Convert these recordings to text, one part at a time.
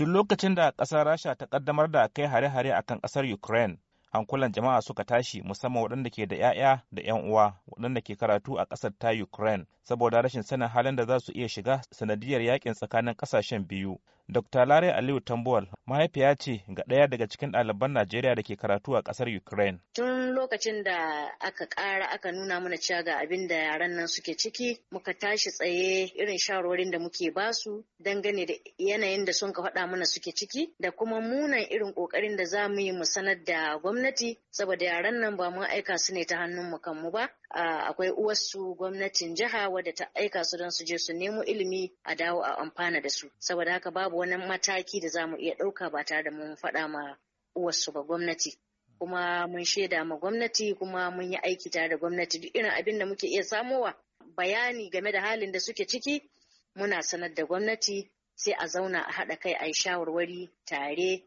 Tun lokacin da ƙasar Rasha ta ƙaddamar da kai hare-hare a kan ƙasar Ukraine, hankulan jama'a suka tashi musamman waɗanda ke da 'ya'ya da 'yan uwa waɗanda ke karatu a ƙasar ta Ukraine saboda rashin sanin halin da za su iya shiga sanadiyar yakin tsakanin kasashen biyu. Dr. Lare Aliyu Tambuwal mahaifiya ce ga ɗaya daga cikin ɗaliban Najeriya da ke karatu a ƙasar Ukraine. Tun lokacin da aka ƙara aka nuna mana cewa ga abin da yaran nan suke ciki, muka tashi tsaye irin shawarwarin da muke basu dangane da yanayin da sun ka faɗa mana suke ciki da kuma munan irin ƙoƙarin da za mu yi mu sanar da gwamnati saboda yaran nan ba mun aika su ne ta hannun mu kanmu ba. Akwai uwarsu gwamnatin jiha wadda ta aika su don su je su nemo ilimi a dawo a amfana da su saboda haka babu wani mataki da za mu iya ɗauka ba tare da mun faɗa ma uwarsu ba gwamnati kuma mun shaida ma gwamnati kuma mun yi aiki tare da gwamnati duk irin abin da muke iya samowa bayani game da halin da suke ciki muna sanar da gwamnati sai a zauna a haɗa kai a yi shawarwari tare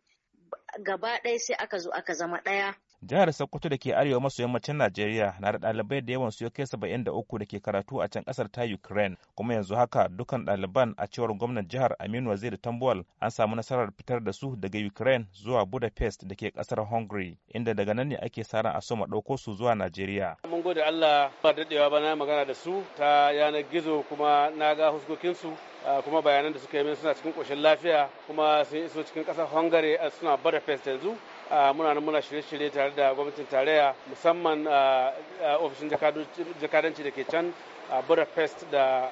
gaba ɗaya sai aka zo aka zama ɗaya jihar sokoto da ke arewa maso yammacin najeriya na da ɗalibai da yawan su ya kai saba'in da uku da ke karatu a can ƙasar ta ukraine kuma yanzu haka dukkan ɗaliban a cewar gwamnan jihar aminu da tambuwal an samu nasarar fitar da su daga ukraine zuwa budapest da ke kasar hungary inda daga nan ne ake sara a soma ɗauko su zuwa najeriya mun gode allah ba daɗewa ba na magana da su ta yanar gizo kuma na ga huskokinsu Ah, kuma bayanan da suka yi min suna cikin koshin lafiya kuma sun iso cikin ƙasar hungary ah, suna fest yanzu ah, muna nan muna shirye-shirye tare da gwamnatin tarayya musamman ofishin jakadanci da ke can budapest da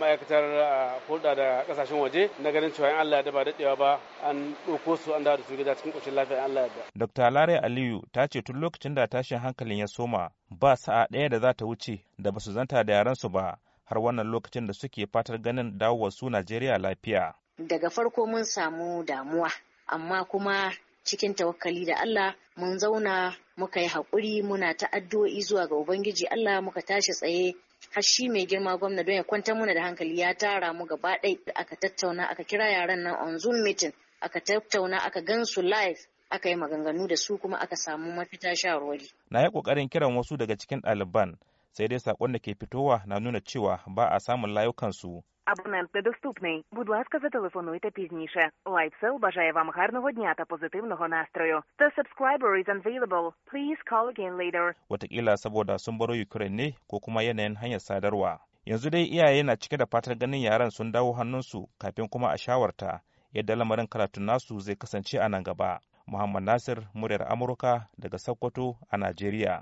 ma'aikatar hulɗa da ƙasashen waje na ganin cewa Allah ya ba daɗewa ba an ɗauko su an dawo da su gida cikin ƙoshin lafiya Allah ya Dr. Lare Aliyu ta ce tun lokacin da tashin hankalin ya soma ba sa'a ɗaya da za ta wuce da ba su zanta da su ba har wannan lokacin da suke fatar ganin dawowar su Najeriya lafiya. Daga farko mun samu damuwa, amma kuma cikin tawakkali da Allah mun zauna muka yi haƙuri muna ta addu'o'i zuwa ga Ubangiji Allah muka tashi tsaye har shi mai girma gwamna don ya kwantar muna da hankali ya tara mu gaba ɗaya aka tattauna aka kira yaran nan on Zoom meeting aka tattauna aka gansu live aka yi maganganu da su kuma aka samu mafita shawarwari. Na yi ƙoƙarin kiran wasu daga cikin ɗaliban sai dai sakon da ke fitowa na nuna cewa ba a samun layukansu. Абонент недоступний. Будь ласка, зателефонуйте пізніше. LifeCell бажає вам гарного дня та позитивного настрою. The subscriber is unavailable. Please call again later. watakila saboda sun baro Ukraine ne ko kuma yanayin hanyar sadarwa. Yanzu dai iyaye na cike da fatar ganin yaran sun dawo hannunsu kafin kuma a shawarta yadda lamarin karatun nasu zai kasance a nan gaba. Muhammad Nasir, muryar Amurka daga Sokoto a Najeriya.